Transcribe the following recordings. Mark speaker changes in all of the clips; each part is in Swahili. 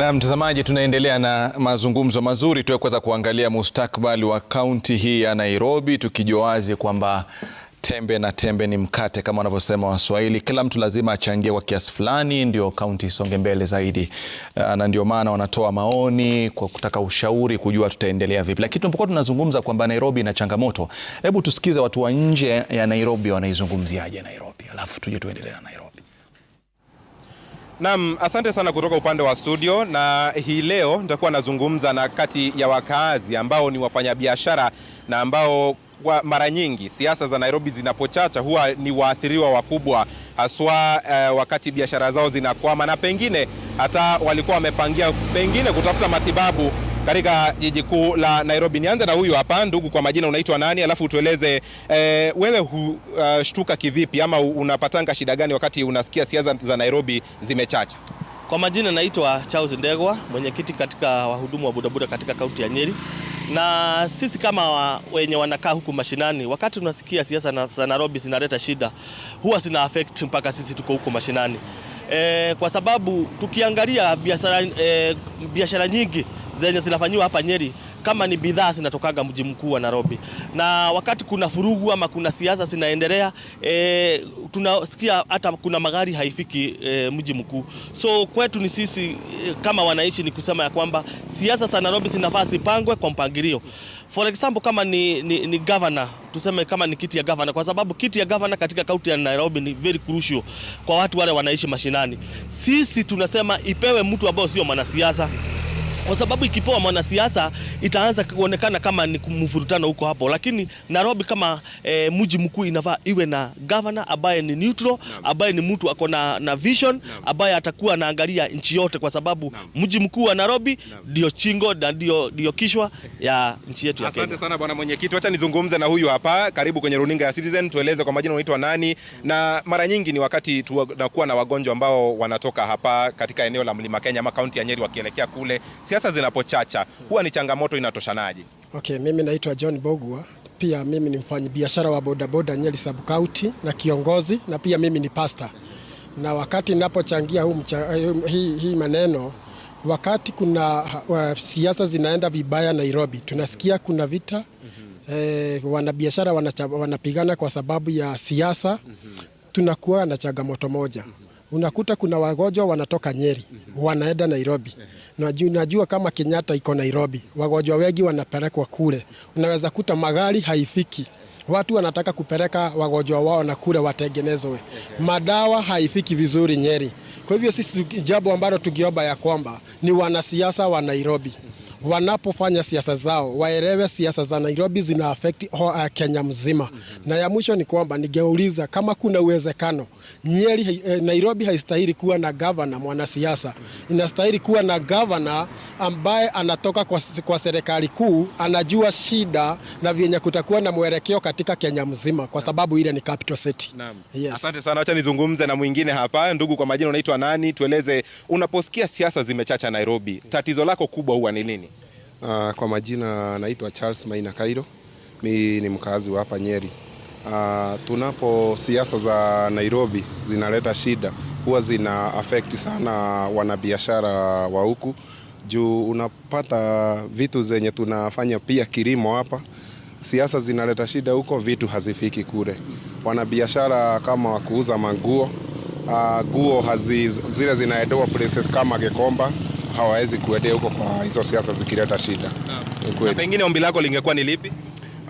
Speaker 1: Na mtazamaji, tunaendelea na mazungumzo mazuri tuwe kuweza kuangalia mustakbali wa kaunti hii ya Nairobi, tukijua wazi kwamba tembe na tembe ni mkate kama wanavyosema Waswahili. Kila mtu lazima achangie kwa kiasi fulani, ndio kaunti isonge mbele zaidi, ah, na ndio maana wanatoa maoni kwa kutaka ushauri, kujua tutaendelea vipi. Lakini tunapokuwa tunazungumza kwamba Nairobi ina changamoto, hebu tusikize watu wa nje ya Nairobi wanaizungumziaje Nairobi, alafu tuje tuendelee na Nairobi.
Speaker 2: Naam, asante sana kutoka upande wa studio, na hii leo nitakuwa nazungumza na kati ya wakaazi ambao ni wafanyabiashara na ambao kwa mara nyingi siasa za Nairobi zinapochacha huwa ni waathiriwa wakubwa haswa, uh, wakati biashara zao zinakwama na pengine hata walikuwa wamepangia pengine kutafuta matibabu katika jiji kuu la Nairobi. Nianze na huyu hapa, ndugu, kwa majina unaitwa nani? Alafu utueleze e, wewe hushtuka uh, kivipi ama unapatanga shida gani wakati unasikia siasa za Nairobi zimechacha?
Speaker 3: Kwa majina naitwa Charles Ndegwa, mwenyekiti katika wahudumu wa bodaboda katika kaunti ya Nyeri. Na sisi kama wa, wenye wanakaa huku mashinani, wakati tunasikia siasa za Nairobi zinaleta shida, huwa zina affect mpaka sisi tuko huko mashinani e, kwa sababu tukiangalia biashara e, biashara nyingi zenye zinafanyiwa hapa Nyeri kama ni bidhaa zinatokaga mji mkuu wa Nairobi, na wakati kuna furugu ama kuna siasa zinaendelea, e, tunasikia hata kuna magari haifiki e, mji mkuu. So kwetu ni sisi e, kama wanaishi ni kusema ya kwamba siasa za Nairobi zinafaa zipangwe kwa mpangilio. For example kama ni, ni, ni governor tuseme kama ni kiti ya governor, kwa sababu kiti ya governor katika kaunti ya Nairobi ni very crucial kwa watu wale wanaishi mashinani. Sisi tunasema ipewe mtu ambaye sio mwanasiasa kwa sababu ikipewa mwanasiasa itaanza kuonekana kama ni mvurutano huko hapo, lakini Nairobi kama e, mji mkuu inafaa iwe na governor ambaye ni neutral, ambaye ni mtu ako na, na vision ambaye atakuwa anaangalia nchi yote, kwa sababu mji mkuu wa Nairobi ndio chingo na ndio kishwa ya nchi yetu ya Kenya.
Speaker 2: Asante sana bwana mwenyekiti, acha nizungumze na huyu hapa. Karibu kwenye runinga ya Citizen, tueleze kwa majina unaitwa nani, na mara nyingi ni wakati tunakuwa na wagonjwa ambao wanatoka hapa katika eneo la Mlima Kenya ama kaunti ya Nyeri wakielekea kule Siasa siasa zinapochacha huwa ni changamoto inatoshanaje?
Speaker 4: Okay, mimi naitwa John Bogwa, pia mimi ni mfanyabiashara wa bodaboda Nyeri Sub County na kiongozi na pia mimi ni pasta, na wakati ninapochangia huu hii hii maneno wakati kuna uh, siasa zinaenda vibaya Nairobi, tunasikia kuna vita mm -hmm. eh, wanabiashara wanapigana kwa sababu ya siasa mm -hmm. tunakuwa na changamoto moja mm -hmm. unakuta kuna wagonjwa wanatoka Nyeri mm -hmm. wanaenda Nairobi mm -hmm Najua, najua kama Kenyatta iko Nairobi, wagonjwa wengi wanapelekwa kule, unaweza kuta magari haifiki watu wanataka kupeleka wagonjwa wao na kule watengenezwe. Madawa haifiki vizuri Nyeri. Kwa hivyo sisi jambo ambalo tukiomba ya kwamba ni wanasiasa wa Nairobi wanapofanya siasa zao waelewe siasa za Nairobi zina affect uh, Kenya mzima. mm -hmm. Na ya mwisho ni kwamba ningeuliza kama kuna uwezekano Nyeri, eh, Nairobi haistahili kuwa na gavana mwanasiasa. Mhm. Inastahili kuwa na gavana ambaye anatoka kwa, kwa serikali kuu, anajua shida na vyenye kutakuwa na mwelekeo katika Kenya mzima, kwa sababu ile ni capital city.
Speaker 2: Naam. Yes. Asante sana, acha nizungumze na mwingine hapa. Ndugu, kwa majina unaitwa nani? Tueleze unaposikia siasa zimechacha Nairobi, yes. Tatizo lako kubwa huwa ni nini?
Speaker 5: Ah, kwa majina naitwa Charles Maina Kairo, mi ni mkazi wa hapa Nyeri. Uh, tunapo siasa za Nairobi zinaleta shida, huwa zina affect sana wanabiashara wa huku juu unapata vitu zenye tunafanya pia kilimo hapa. Siasa zinaleta shida huko, vitu hazifiki kule. Wanabiashara kama wakuuza manguo, uh, ah, guo hazi, zile zinaedoa places kama Gekomba hawawezi kuendea huko kwa hizo siasa zikileta shida.
Speaker 2: Na pengine ombi lako lingekuwa ni lipi?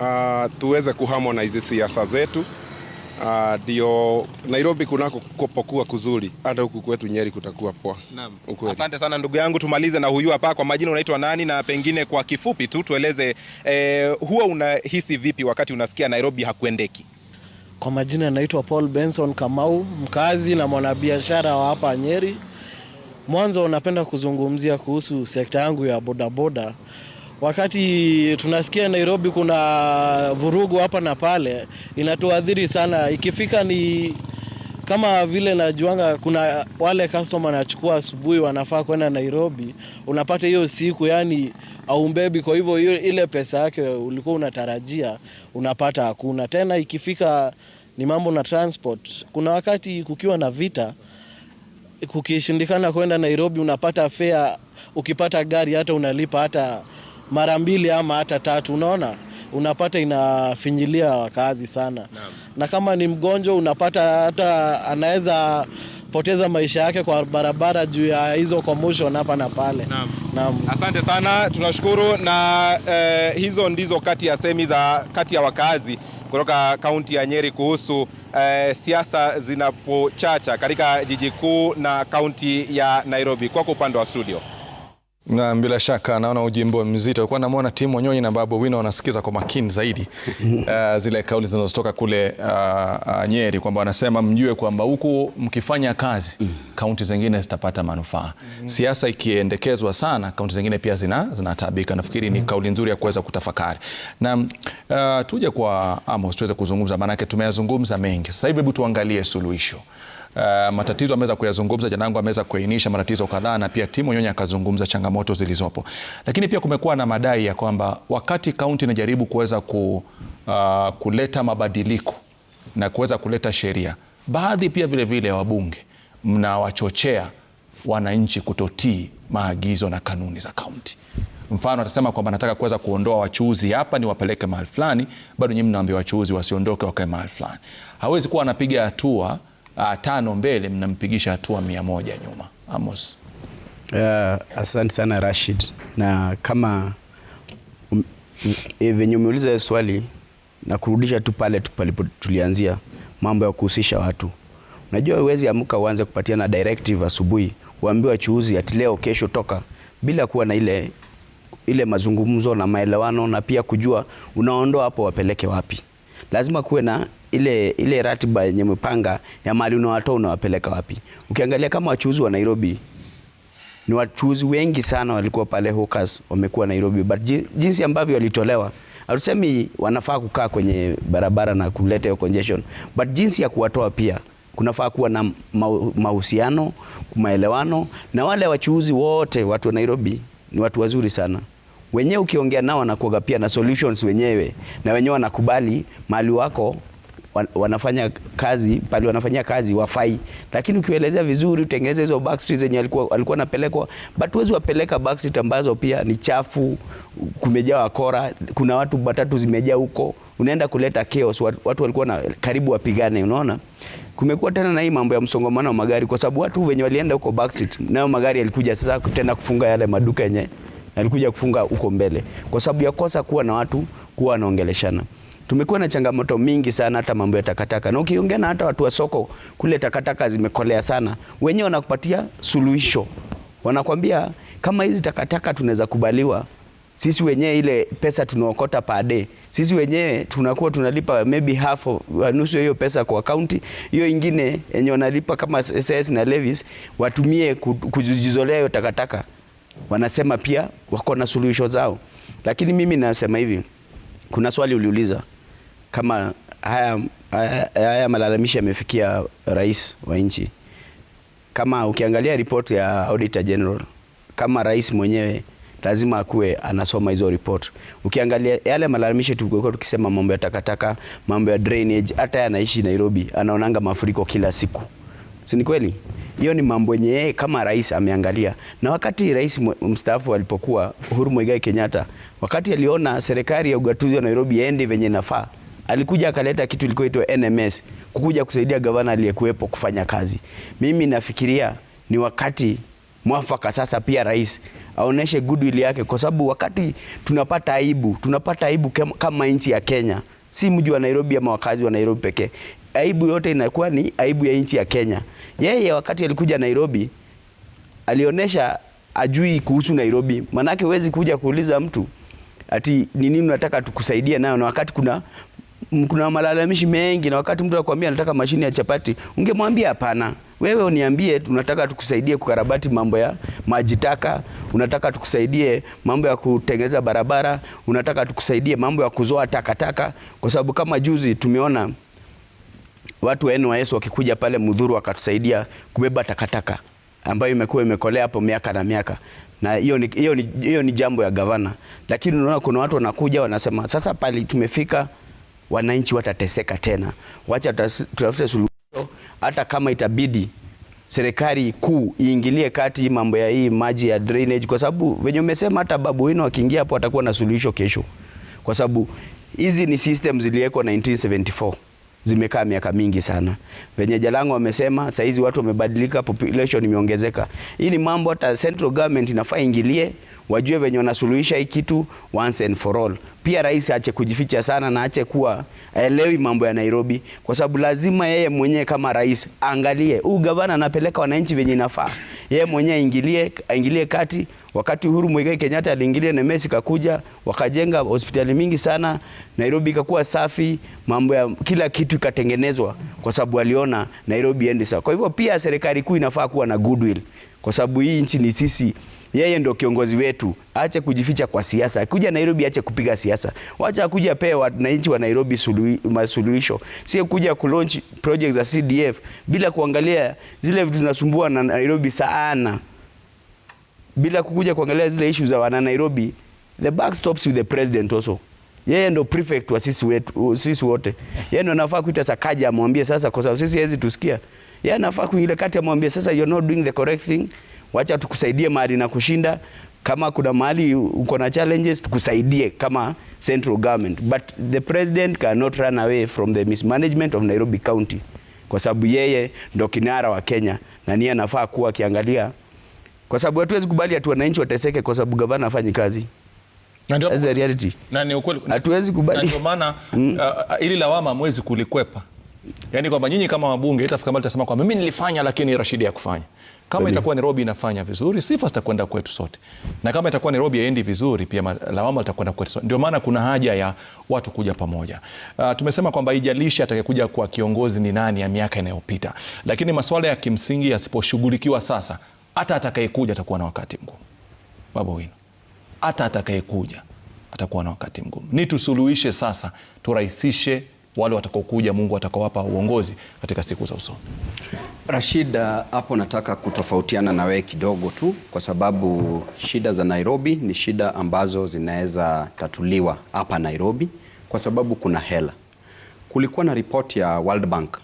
Speaker 5: Uh, tuweze kuharmonize siasa zetu ah, ndio uh, Nairobi kunako kupokuwa kuzuri, hata huku kwetu Nyeri kutakuwa poa.
Speaker 2: Naam, asante sana ndugu yangu. Tumalize na huyu hapa, kwa majina unaitwa nani? Na pengine kwa kifupi tu tueleze eh, huwa unahisi vipi wakati unasikia Nairobi hakuendeki?
Speaker 6: Kwa majina naitwa Paul Benson Kamau, mkazi na mwanabiashara wa hapa Nyeri. Mwanzo napenda kuzungumzia kuhusu sekta yangu ya bodaboda. Wakati tunasikia Nairobi kuna vurugu hapa na pale, inatuadhiri sana. Ikifika ni kama vile najuanga, kuna wale customer nachukua asubuhi, wanafaa kwenda Nairobi, unapata hiyo siku yani aumbebi. Kwa hivyo ile pesa yake ulikuwa unatarajia unapata hakuna tena. Ikifika ni mambo na transport, kuna wakati kukiwa na vita kukishindikana kwenda Nairobi unapata fare, ukipata gari hata unalipa hata mara mbili ama hata tatu, unaona unapata inafinyilia wakazi sana na, na kama ni mgonjwa unapata hata anaweza poteza maisha yake kwa barabara juu ya hizo commotion hapa na pale.
Speaker 2: Naam. Asante sana tunashukuru na eh, hizo ndizo kati ya semi za kati ya wakazi kutoka kaunti ya Nyeri kuhusu eh, siasa zinapochacha katika jiji kuu na kaunti ya Nairobi. Kwako upande wa studio.
Speaker 1: Na bila shaka naona ujimbo mzito kwa namuona timu Wanyonyi na Babu Owino wanasikiza kwa makini zaidi uh, zile kauli zinazotoka kule uh, Nyeri kwamba wanasema mjue kwamba huku mkifanya kazi mm. kaunti zingine zitapata manufaa. Mm. Siasa ikiendekezwa sana kaunti zingine pia zina zinataabika. Nafikiri ni kauli nzuri ya kuweza kutafakari. Na uh, tuje kwa Amos tuweze kuzungumza, maanake tumeyazungumza mengi sasa hivi, hebu tuangalie suluhisho. Eh, matatizo ameweza kuyazungumza. Janangu ameweza kuainisha matatizo kadhaa na pia Tim Onyonyi akazungumza changamoto zilizopo, lakini pia kumekuwa na madai ya kwamba wakati kaunti inajaribu kuweza ku, uh, kuleta mabadiliko na kuweza kuleta sheria, baadhi pia vile vile wabunge mnawachochea wananchi kutotii maagizo na kanuni za kaunti. Mfano atasema kwamba nataka kuweza kuondoa wachuuzi hapa ni wapeleke mahali fulani, bado nyinyi mnaambia wachuuzi wasiondoke wakae mahali fulani. Hawezi kuwa anapiga hatua uh, tano mbele mnampigisha hatua mia moja nyuma. Amos.
Speaker 7: Uh, asante sana Rashid, na kama um, um e, venye umeuliza swali na kurudisha tu pale palipo tulianzia mambo ya kuhusisha watu. Unajua uwezi amka uanze kupatiana directive asubuhi, uambiwa chuuzi ati leo kesho toka, bila kuwa na ile ile mazungumzo na maelewano na pia kujua unaondoa hapo wapeleke wapi lazima kuwe na ile ile ratiba yenye mpanga ya mali unawatoa unawapeleka wapi. Ukiangalia kama wachuuzi wa Nairobi ni wachuuzi wengi sana walikuwa pale hawkers wamekuwa Nairobi, but jinsi ambavyo walitolewa, hatusemi wanafaa kukaa kwenye barabara na kuleta hiyo congestion, but jinsi ya kuwatoa pia kunafaa kuwa na mahusiano, maelewano na wale wachuuzi wote. Watu wa Nairobi ni watu wazuri sana wenyewe ukiongea nao wanakuaga pia na solutions wenyewe, na wenyewe wanakubali mali wako wanafanya kazi pale, wanafanyia kazi wafai, lakini ukielezea vizuri, utengeneze hizo backstreet zenye alikuwa alikuwa anapelekwa, but huwezi wapeleka backstreet ambazo pia ni chafu, kumejaa wakora, kuna watu batatu zimejaa huko, unaenda kuleta chaos. Watu walikuwa na karibu wapigane, unaona. Kumekuwa tena na hii mambo ya msongamano wa magari, kwa sababu watu wenye walienda huko backstreet, nayo magari yalikuja sasa tena kufunga yale maduka yenyewe alikuja kufunga huko mbele, kwa sababu ya kosa kuwa na watu kuwa wanaongeleshana. Tumekuwa na changamoto mingi sana, hata mambo ya takataka, na ukiongea na hata watu wa soko kule, takataka zimekolea sana, wenyewe wanakupatia suluhisho, wanakwambia kama hizi takataka tunaweza kubaliwa sisi wenyewe ile pesa tunaokota per day, sisi wenyewe tunakuwa tunalipa maybe half of nusu hiyo pesa kwa kaunti, hiyo ingine yenye wanalipa kama SS na levies watumie kujizolea hiyo takataka wanasema pia wako na suluhisho zao, lakini mimi nasema hivi, kuna swali uliuliza kama haya, haya, haya malalamishi yamefikia rais wa nchi. Kama ukiangalia report ya Auditor General, kama rais mwenyewe lazima akuwe anasoma hizo report. Ukiangalia yale malalamisho tulikuwa tukisema mambo ya takataka, mambo ya drainage, hata yanaishi Nairobi anaonanga mafuriko kila siku. Si ni kweli? Hiyo ni mambo yenye yeye kama rais ameangalia. Na wakati rais mstaafu alipokuwa Uhuru mwigai Kenyatta, wakati aliona serikali ya ugatuzi wa Nairobi endi venye nafaa, alikuja akaleta kitu ilikuwa NMS kukuja kusaidia gavana aliyekuwepo kufanya kazi. Mimi nafikiria ni wakati mwafaka sasa pia rais aoneshe goodwill yake, kwa sababu wakati tunapata aibu, tunapata aibu kama nchi ya Kenya, si mji wa Nairobi ama wakazi wa Nairobi pekee aibu yote inakuwa ni aibu ya nchi ya Kenya. Yeye wakati alikuja Nairobi alionyesha ajui kuhusu Nairobi, manake huwezi kuja kuuliza mtu ati ni nini unataka tukusaidie nayo, na wakati kuna kuna malalamishi mengi, na wakati mtu anakuambia anataka mashine ya chapati, ungemwambia hapana, wewe uniambie, tunataka tukusaidie kukarabati mambo ya maji taka, unataka tukusaidie mambo ya kutengeneza barabara, unataka tukusaidie mambo ya kuzoa takataka, kwa sababu kama juzi tumeona watu wa NYS wakikuja pale Mudhuru wakatusaidia kubeba takataka ambayo imekuwa imekolea hapo miaka na miaka na hiyo ni, hiyo ni, hiyo ni jambo ya gavana, lakini unaona kuna watu wanakuja wanasema sasa pale tumefika, wananchi watateseka tena, wacha tutafute suluhisho, hata kama itabidi serikali kuu iingilie kati mambo ya hii maji ya drainage, kwa sababu venye umesema hata babu wino akiingia hapo atakuwa na suluhisho kesho, kwa sababu hizi ni system ziliwekwa 1974 zimekaa miaka mingi sana. Venye Jalango wamesema saizi watu wamebadilika, population imeongezeka. Hii ni mambo hata central government inafaa ingilie, wajue venye wanasuluhisha hii kitu once and for all. Pia rais ache kujificha sana na aache kuwa aelewi mambo ya Nairobi, kwa sababu lazima yeye mwenyewe kama rais angalie huu gavana anapeleka wananchi venye inafaa, yeye mwenyewe aingilie, aingilie kati Wakati Uhuru Muigai Kenyatta aliingilia Nemes kakuja, wakajenga hospitali mingi sana, Nairobi ikakuwa safi, mambo ya kila kitu ikatengenezwa, kwa sababu aliona Nairobi endi sawa. Kwa hivyo pia serikali kuu inafaa kuwa na goodwill, kwa sababu hii nchi ni sisi yeye ndo kiongozi wetu, ache kujificha kwa siasa. Akuja Nairobi, ache kupiga siasa, wacha akuja pewa wananchi wa Nairobi masuluhisho, sio kuja kulaunch project za CDF bila kuangalia zile vitu zinasumbua na Nairobi sana bila kukuja kuangalia zile issue za wana Nairobi, the buck stops with the president also. Yeye ndo prefect wa sisi wetu, uh, sisi wote. Yeye ndo anafaa kuita Sakaja amwambie sasa, kwa sababu sisi hezi tusikia. Yeye anafaa kuile kati amwambie sasa, you're not doing the correct thing. Wacha tukusaidie mahali na kushinda kama kuna mahali uko na challenges tukusaidie kama central government, but the president cannot run away from the mismanagement of Nairobi County, kwa sababu yeye ndo kinara wa Kenya na niye anafaa kuwa akiangalia kwa sababu hatuwezi kubali ati wananchi wateseke kwa sababu gavana hafanyi kazi. That's reality.
Speaker 2: Na ni ukweli. Hatuwezi kubali. Ndio maana mm. Uh, uh, ili lawama mwezi kulikwepa. yani kwamba nyinyi kama wabunge itafika mbali tasema kwamba mimi nilifanya lakini Rashidi hakufanya. Kama Bili. itakuwa Nairobi inafanya vizuri, sifa zitakwenda kwetu sote, na kama itakuwa Nairobi haendi vizuri, pia lawama litakwenda kwetu sote. Ndio maana kuna haja ya watu kuja pamoja. Uh, tumesema kwamba ijalishi atakayekuja kuwa kiongozi ni nani ya miaka inayopita, lakini masuala ya kimsingi yasiposhughulikiwa sasa hata atakayekuja atakuwa na wakati mgumu. Baba wino, hata atakayekuja atakuwa na wakati mgumu. Ni tusuluhishe sasa, turahisishe wale watakaokuja, Mungu atakawapa uongozi katika siku za usoni.
Speaker 8: Rashida, hapo nataka kutofautiana na wewe kidogo tu, kwa sababu shida za Nairobi ni shida ambazo zinaweza tatuliwa hapa Nairobi, kwa sababu kuna hela. Kulikuwa na ripoti ya World Bank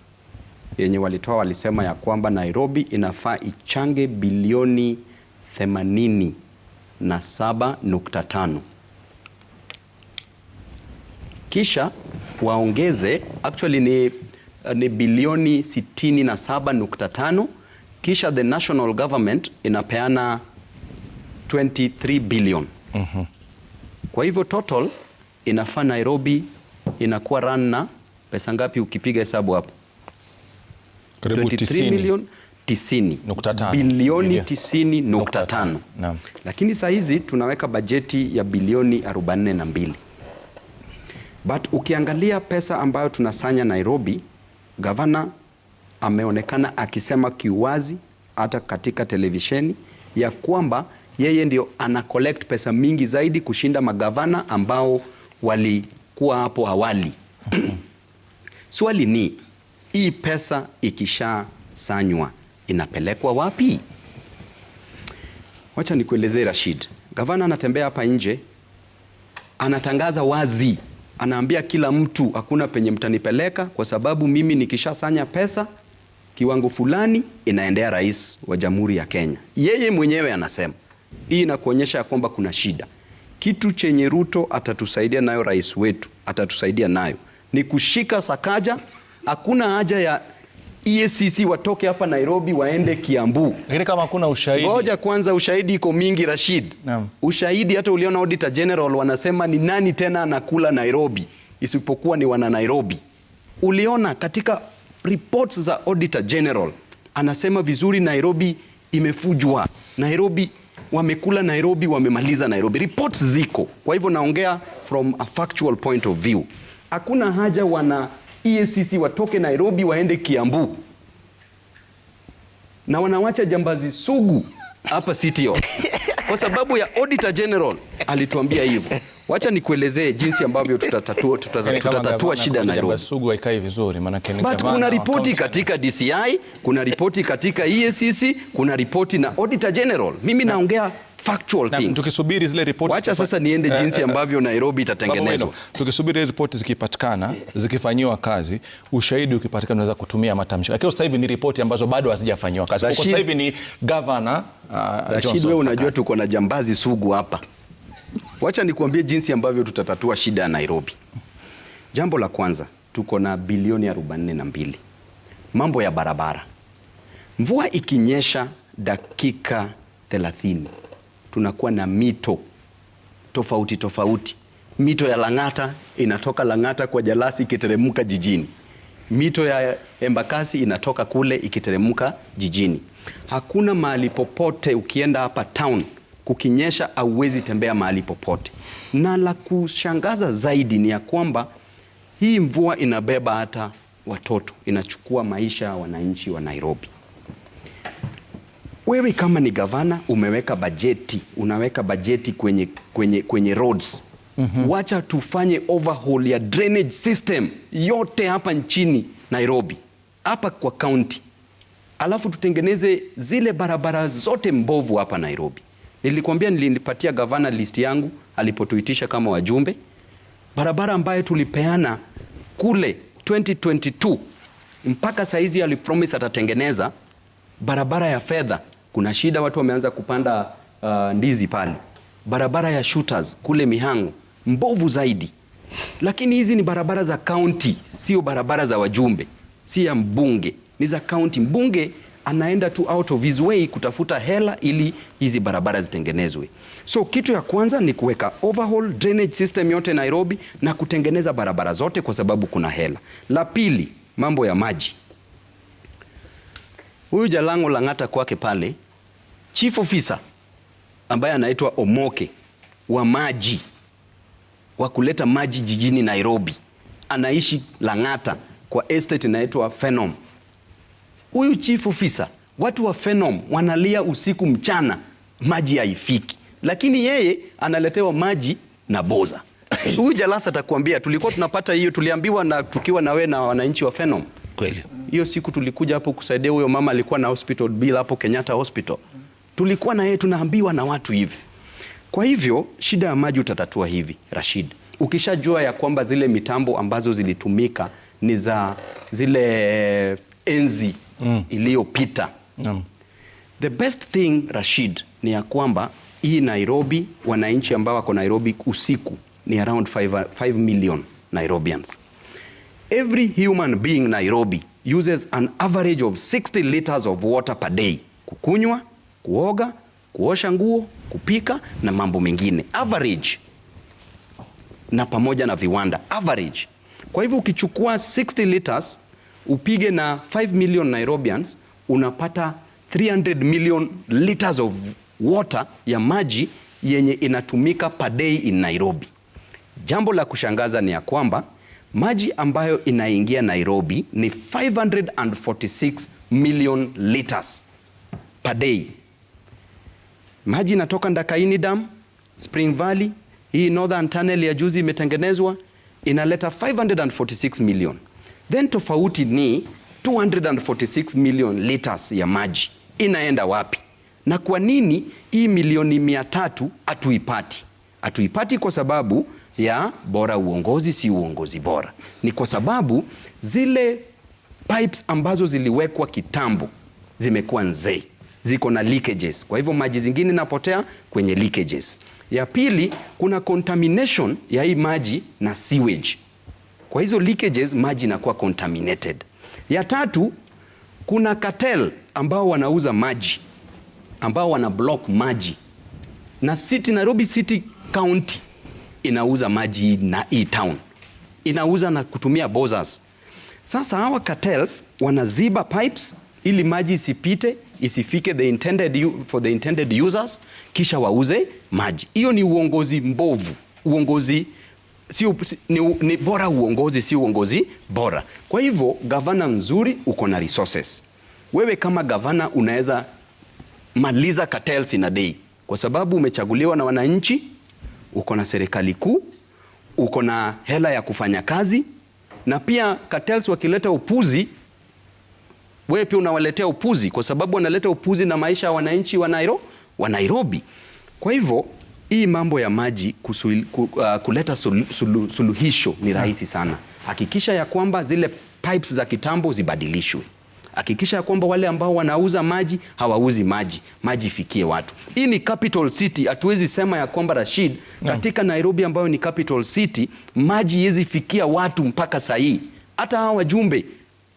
Speaker 8: yenye walitoa walisema ya kwamba Nairobi inafaa ichange bilioni 87.5 kisha waongeze actually ni, ni bilioni 67.5 kisha the national government inapeana 23 billion. Mm -hmm. Kwa hivyo total inafaa Nairobi inakuwa run na pesa ngapi ukipiga hesabu hapo? 23 milioni bilioni 95 lakini saa hizi tunaweka bajeti ya bilioni 42. But ukiangalia pesa ambayo tunasanya Nairobi, gavana ameonekana akisema kiwazi hata katika televisheni ya kwamba yeye ndio ana collect pesa mingi zaidi kushinda magavana ambao walikuwa hapo awali. Swali ni hii pesa ikishasanywa inapelekwa wapi? Wacha nikuelezee Rashid. Gavana anatembea hapa nje, anatangaza wazi, anaambia kila mtu, hakuna penye mtanipeleka kwa sababu mimi nikishasanya pesa kiwango fulani inaendea rais wa Jamhuri ya Kenya. Yeye mwenyewe anasema hii inakuonyesha ya kwamba kuna shida. Kitu chenye Ruto atatusaidia nayo, rais wetu atatusaidia nayo ni kushika Sakaja hakuna haja ya EACC watoke hapa Nairobi waende Kiambu.
Speaker 2: Lakini kama hakuna ushahidi. Ngoja kwanza ushahidi iko mingi Rashid. Naam. Ushahidi hata uliona Auditor General wanasema ni nani tena anakula Nairobi isipokuwa ni wana Nairobi. Uliona katika reports za Auditor General anasema vizuri Nairobi imefujwa. Nairobi wamekula Nairobi, wamemaliza Nairobi. Reports ziko. Kwa hivyo naongea from a factual point of view. Hakuna haja wana EACC watoke Nairobi waende Kiambu na wanawacha jambazi sugu hapa CTO kwa sababu ya Auditor General alituambia hivyo. Wacha nikuelezee jinsi ambavyo tutatatua, yaani tutatatua, tutatatua shida Nairobi. But kuna ripoti katika DCI, e kuna ripoti katika EACC, kuna ripoti na Auditor General. Mimi naongea factual na, things. Tukisubiri zile reports. Wacha sasa niende eh, jinsi eh, eh, ambavyo Nairobi itatengenezwa. Tukisubiri reports zikipatikana, zikifanyiwa kazi, ushahidi ukipatikana unaweza kutumia matamshi. Lakini sasa hivi ni ripoti ambazo bado hazijafanyiwa kazi. Kwa sasa hivi ni governor uh, Johnson. Rashid, wewe unajua tuko na jambazi sugu hapa. Wacha nikuambie jinsi ambavyo tutatatua shida ya Nairobi. Jambo la kwanza, tuko na bilioni arobaini na mbili. Mambo ya barabara. Mvua ikinyesha dakika 30 tunakuwa na mito tofauti tofauti. Mito ya Lang'ata inatoka Lang'ata kwa Jalasi ikiteremka jijini. Mito ya Embakasi inatoka kule ikiteremka jijini. Hakuna mahali popote ukienda hapa town kukinyesha hauwezi tembea mahali popote. Na la kushangaza zaidi ni ya kwamba hii mvua inabeba hata watoto, inachukua maisha ya wananchi wa Nairobi. Wewe kama ni gavana umeweka bajeti, unaweka bajeti kwenye, kwenye, kwenye roads mm -hmm. Wacha tufanye overhaul ya drainage system yote hapa nchini Nairobi, hapa kwa county, alafu tutengeneze zile barabara zote mbovu hapa Nairobi. Nilikwambia nilipatia gavana list yangu alipotuitisha kama wajumbe, barabara ambayo tulipeana kule 2022 mpaka saizi alipromise atatengeneza barabara ya fedha kuna shida, watu wameanza kupanda uh, ndizi pale. Barabara ya shooters kule Mihango mbovu zaidi, lakini hizi ni barabara za kaunti, sio barabara za wajumbe, si ya mbunge, ni za kaunti. Mbunge anaenda tu out of his way kutafuta hela ili hizi barabara zitengenezwe. So kitu ya kwanza ni kuweka overhaul drainage system yote Nairobi na kutengeneza barabara zote kwa sababu kuna hela. La pili, mambo ya maji. Huyu Jalango Lang'ata kwake pale chief officer ambaye anaitwa Omoke wa maji wa kuleta maji jijini Nairobi, anaishi Lang'ata kwa estate inaitwa Phenom. Huyu chief officer, watu wa Phenom wanalia usiku mchana, maji haifiki, lakini yeye analetewa maji na Boza. Huyu Jalasa atakwambia tulikuwa tunapata hiyo, tuliambiwa na tukiwa na we na wananchi wa Phenom. Kweli hiyo siku tulikuja hapo kusaidia huyo mama, alikuwa na hospital bill hapo Kenyatta Hospital tulikuwa na yeye, tunaambiwa na watu hivi. Kwa hivyo shida ya maji utatatua hivi, Rashid, ukishajua ya kwamba zile mitambo ambazo zilitumika ni za zile eh, enzi mm. iliyopita mm. The best thing Rashid ni ya kwamba hii Nairobi, wananchi ambao wako Nairobi usiku ni around 5 million Nairobians. Every human being Nairobi uses an average of 60 liters of water per day kukunywa kuoga, kuosha nguo, kupika na mambo mengine average, na pamoja na viwanda average. Kwa hivyo ukichukua 60 liters upige na 5 million Nairobians unapata 300 million liters of water ya maji yenye inatumika per day in Nairobi. Jambo la kushangaza ni ya kwamba maji ambayo inaingia Nairobi ni 546 million liters per day. Maji inatoka Ndakaini Dam, Spring Valley, hii Northern Tunnel ya juzi imetengenezwa inaleta 546 million. Then tofauti ni 246 million liters ya maji inaenda wapi? Na kwa nini hii milioni mia tatu hatuipati? Hatuipati kwa sababu ya bora uongozi, si uongozi bora. Ni kwa sababu zile pipes ambazo ziliwekwa kitambo zimekuwa nzee ziko na leakages. Kwa hivyo maji zingine inapotea kwenye leakages. Ya pili, kuna contamination ya hii maji na sewage. Kwa hizo leakages maji inakuwa contaminated. Ya tatu, kuna cartel ambao wanauza maji ambao wana block maji na city, Nairobi City County inauza maji na e town inauza na kutumia bozas. Sasa hawa cartels wanaziba pipes ili maji isipite isifike the intended for the intended users, kisha wauze maji. Hiyo ni uongozi mbovu, uongozi si, ni, ni bora uongozi si uongozi bora. Kwa hivyo gavana mzuri uko na resources. Wewe kama gavana unaweza maliza cartels in a day, kwa sababu umechaguliwa na wananchi, uko na serikali kuu, uko na hela ya kufanya kazi, na pia cartels wakileta upuzi wewe pia unawaletea upuzi, kwa sababu wanaleta upuzi na maisha ya wananchi wa Nairobi. Kwa hivyo hii mambo ya maji kusu, ku, uh, kuleta sulu, sulu, suluhisho ni rahisi hmm. sana. Hakikisha ya kwamba zile pipes za kitambo zibadilishwe. Hakikisha ya kwamba wale ambao wanauza maji hawauzi maji, maji ifikie watu. Hii ni capital city, hatuwezi sema ya kwamba Rashid, hmm. katika Nairobi ambayo ni capital city, maji hizi fikia watu mpaka sahii hata hawa wajumbe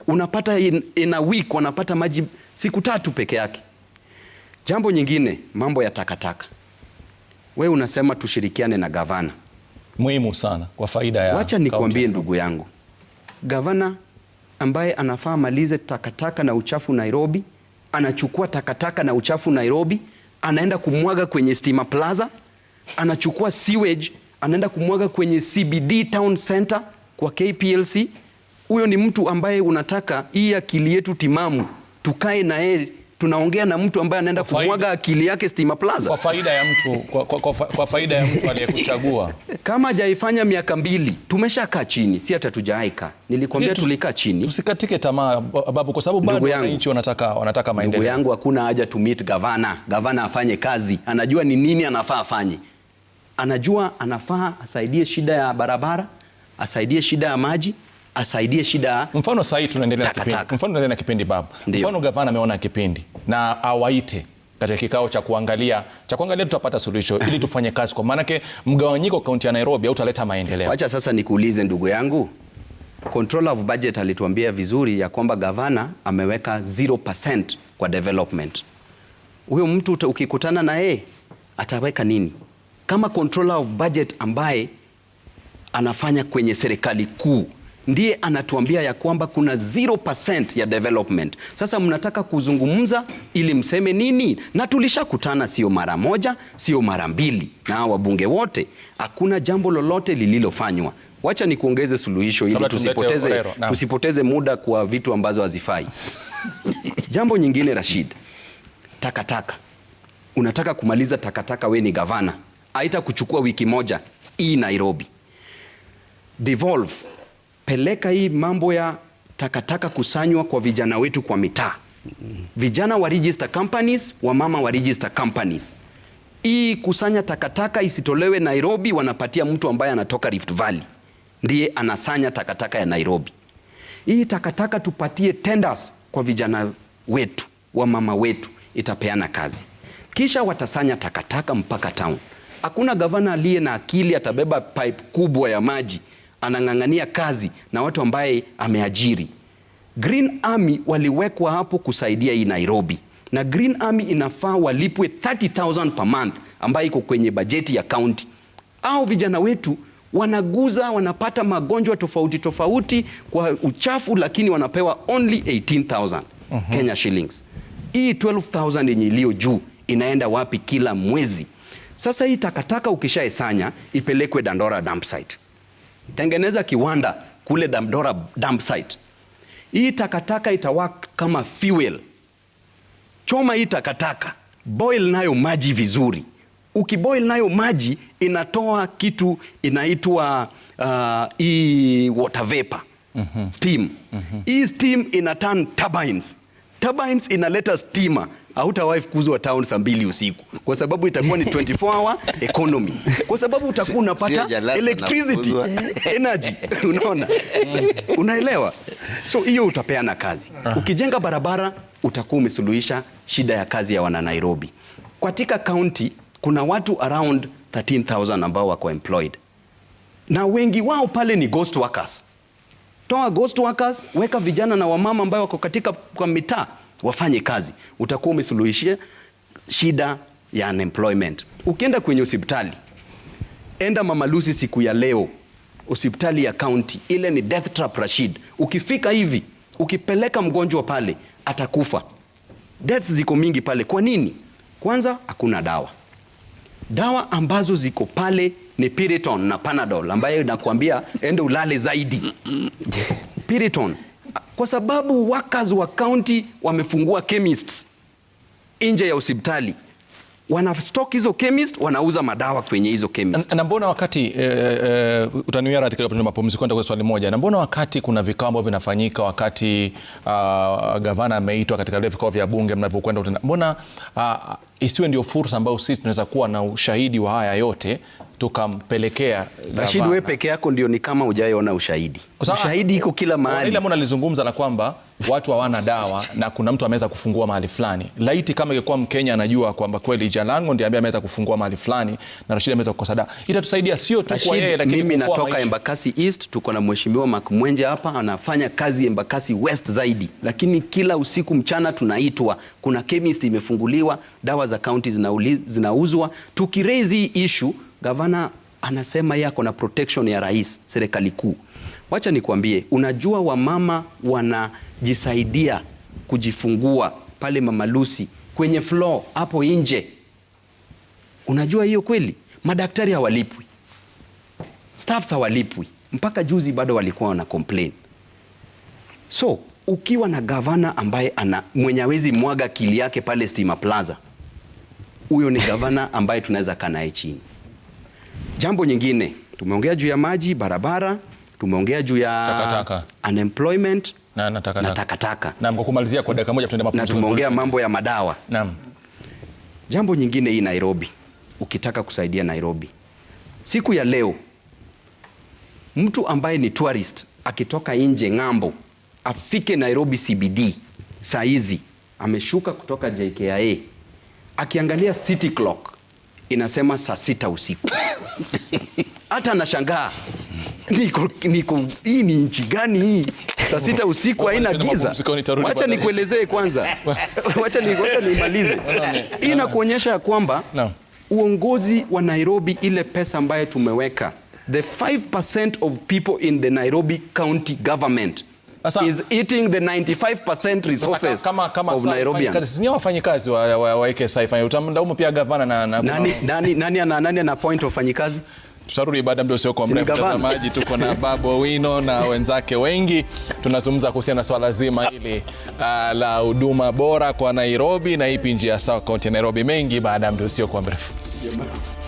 Speaker 2: unapata in, in a week wanapata maji siku tatu peke yake. Jambo nyingine, mambo ya takataka. We unasema tushirikiane na gavana, muhimu sana kwa faida ya wacha nikwambie ndugu yangu, gavana ambaye anafaa malize takataka na uchafu Nairobi, anachukua takataka na uchafu Nairobi, anaenda kumwaga kwenye Stima Plaza, anachukua sewage, anaenda kumwaga kwenye CBD Town Center kwa KPLC huyo ni mtu ambaye unataka hii akili yetu timamu tukae na yeye tunaongea na mtu ambaye anaenda kumwaga akili yake Stima Plaza kwa faida ya mtu, kwa, kwa, kwa faida ya mtu aliyekuchagua. Kama hajaifanya miaka mbili, tumeshakaa chini, si hata tujaika. Nilikwambia tulikaa chini. tusikatike tamaa babu, kwa sababu bado wananchi wanataka, wanataka maendeleo. Ndugu yangu, hakuna haja to meet gavana. Gavana afanye kazi, anajua ni nini anafaa afanye, anajua anafaa asaidie shida ya barabara, asaidie shida ya maji asaidie shida. Mfano sasa hivi tunaendelea na kipindi, mfano tunaendelea na kipindi baba, mfano gavana ameona kipindi na awaite katika kikao cha kuangalia cha kuangalia tutapata suluhisho ili tufanye kazi, kwa maanake mgawanyiko kaunti ya Nairobi hautaleta maendeleo. Acha sasa nikuulize ndugu yangu, controller of budget alituambia vizuri ya kwamba gavana ameweka 0% kwa development. Huyo mtu ukikutana na yeye ataweka nini kama controller of budget ambaye anafanya kwenye serikali kuu? ndiye anatuambia ya kwamba kuna 0% ya development. Sasa mnataka kuzungumza ili mseme nini? Na tulishakutana sio mara moja, sio mara mbili na wabunge wote, hakuna jambo lolote lililofanywa. Wacha nikuongeze suluhisho ili tusipoteze, tusipoteze muda kwa vitu ambazo hazifai. Jambo nyingine Rashid, takataka taka. Unataka kumaliza takataka, we ni gavana, aita kuchukua wiki moja hii Nairobi devolve peleka hii mambo ya takataka kusanywa kwa vijana wetu kwa mitaa, vijana wa register companies, mama wa register companies. Hii kusanya takataka isitolewe Nairobi, wanapatia mtu ambaye anatoka Rift Valley ndiye anasanya takataka ya Nairobi. Hii takataka tupatie tenders kwa vijana wetu, wamama wetu, itapeana kazi, kisha watasanya takataka mpaka town. Hakuna gavana aliye na akili atabeba pipe kubwa ya maji anang'ang'ania kazi na watu ambaye ameajiri. Green Army waliwekwa hapo kusaidia hii Nairobi, na Green Army inafaa walipwe 30,000 per month ambayo iko kwenye bajeti ya county. Au vijana wetu wanaguza wanapata magonjwa tofauti tofauti kwa uchafu, lakini wanapewa only 18,000 mhm. Kenya shillings. Hii 12,000 yenye iliyo juu inaenda wapi kila mwezi? Sasa hii takataka ukishaesanya ipelekwe Dandora dump site tengeneza kiwanda kule Damdora dump site. Hii takataka itawak kama fuel. Choma hii takataka, boil nayo maji vizuri. Ukiboil nayo maji inatoa kitu inaitwa uh, water vapor. Mm -hmm. Steam. Mm -hmm. Hii steam ina turn turbines turbines inaleta stima hautawahi kuzwa town saa mbili usiku kwa sababu itakuwa ni 24 hour economy, kwa sababu utakuwa unapata electricity energy unaona, unaelewa? So hiyo utapeana kazi. Ukijenga barabara utakuwa umesuluhisha shida ya kazi ya wana Nairobi. Katika county kuna watu around 13000 ambao wako employed na wengi wao pale ni ghost workers toa ghost workers, weka vijana na wamama ambao wako katika kwa mitaa wafanye kazi, utakuwa umesuluhishia shida ya unemployment. Ukienda kwenye hospitali, enda Mama Lucy siku ya leo, hospitali ya county ile ni death trap Rashid. Ukifika hivi ukipeleka mgonjwa pale atakufa. Death ziko mingi pale. Kwa nini? Kwanza hakuna dawa, dawa ambazo ziko pale ni Piriton na Panadol ambayo inakuambia ende ulale zaidi. Piriton kwa sababu workers wa county wamefungua chemists nje ya hospitali wana stock hizo chemist, wanauza madawa kwenye hizo chemist. Na mbona wakati e, e, utaniwia radhi kidogo mapumziko, kwenda kwa swali moja, na mbona wakati kuna vikao ambavyo vinafanyika wakati uh, gavana ameitwa katika vile vikao vya bunge mnavyokwenda, mbona uh, isiwe ndio fursa ambayo sisi tunaweza kuwa na ushahidi wa haya yote tukampelekea Rashid? Wewe peke yako ndio ni kama hujaiona ushahidi. Ushahidi iko kila mahali, ila mbona alizungumza na kwamba watu hawana dawa na kuna mtu ameweza kufungua mahali fulani. Laiti kama ingekuwa Mkenya anajua kwamba kweli Jalango ndiye ambaye ameweza kufungua mahali fulani na Rashid ameweza kukosa dawa, itatusaidia sio tu kwa yeye, lakini mimi natoka Embakasi East, tuko na mheshimiwa Mark Mwenje hapa anafanya kazi Embakasi West zaidi, lakini kila usiku mchana tunaitwa, kuna chemist imefunguliwa, dawa za county zinauzwa. Tukiraise issue, gavana anasema yako na protection ya rais, serikali kuu Wacha nikwambie, unajua wamama wanajisaidia kujifungua pale mamalusi kwenye floor hapo nje. Unajua hiyo kweli? Madaktari hawalipwi, staffs hawalipwi, mpaka juzi bado walikuwa wana complain. So ukiwa na gavana ambaye ana mwenye awezi mwaga kili yake pale Stima Plaza, huyo ni gavana ambaye tunaweza kaa naye chini. Jambo nyingine tumeongea juu ya maji, barabara tumeongea juu ya unemployment na na takataka. Na, kwa kumalizia kwa dakika moja tuende mapumziko. Na tumeongea mambo ya madawa. Naam. Jambo nyingine hii Nairobi, ukitaka kusaidia Nairobi, siku ya leo mtu ambaye ni tourist akitoka nje ng'ambo afike Nairobi CBD hizi ameshuka kutoka JKIA akiangalia city clock inasema saa sita usiku hata anashangaa niko, niko, hii ni nchi gani hii? Saa sita usiku haina giza. Wacha nikuelezee kwanza, wacha niimalize. Hii inakuonyesha ya kwamba uongozi wa Nairobi, ile pesa ambayo tumeweka, the 5% of people in the Nairobi county government Asa, is eating the 95% resources kama, kama of Nairobians. wa, wa, wa, Tutarudi baada ya muda usiokuwa mrefu. Mtazamaji, tuko na Babu Owino na wenzake wengi, tunazungumza kuhusiana na swala zima hili uh, la huduma bora kwa Nairobi na ipi njia sawa kaunti ya Nairobi. Mengi baada ya muda usiokuwa mrefu.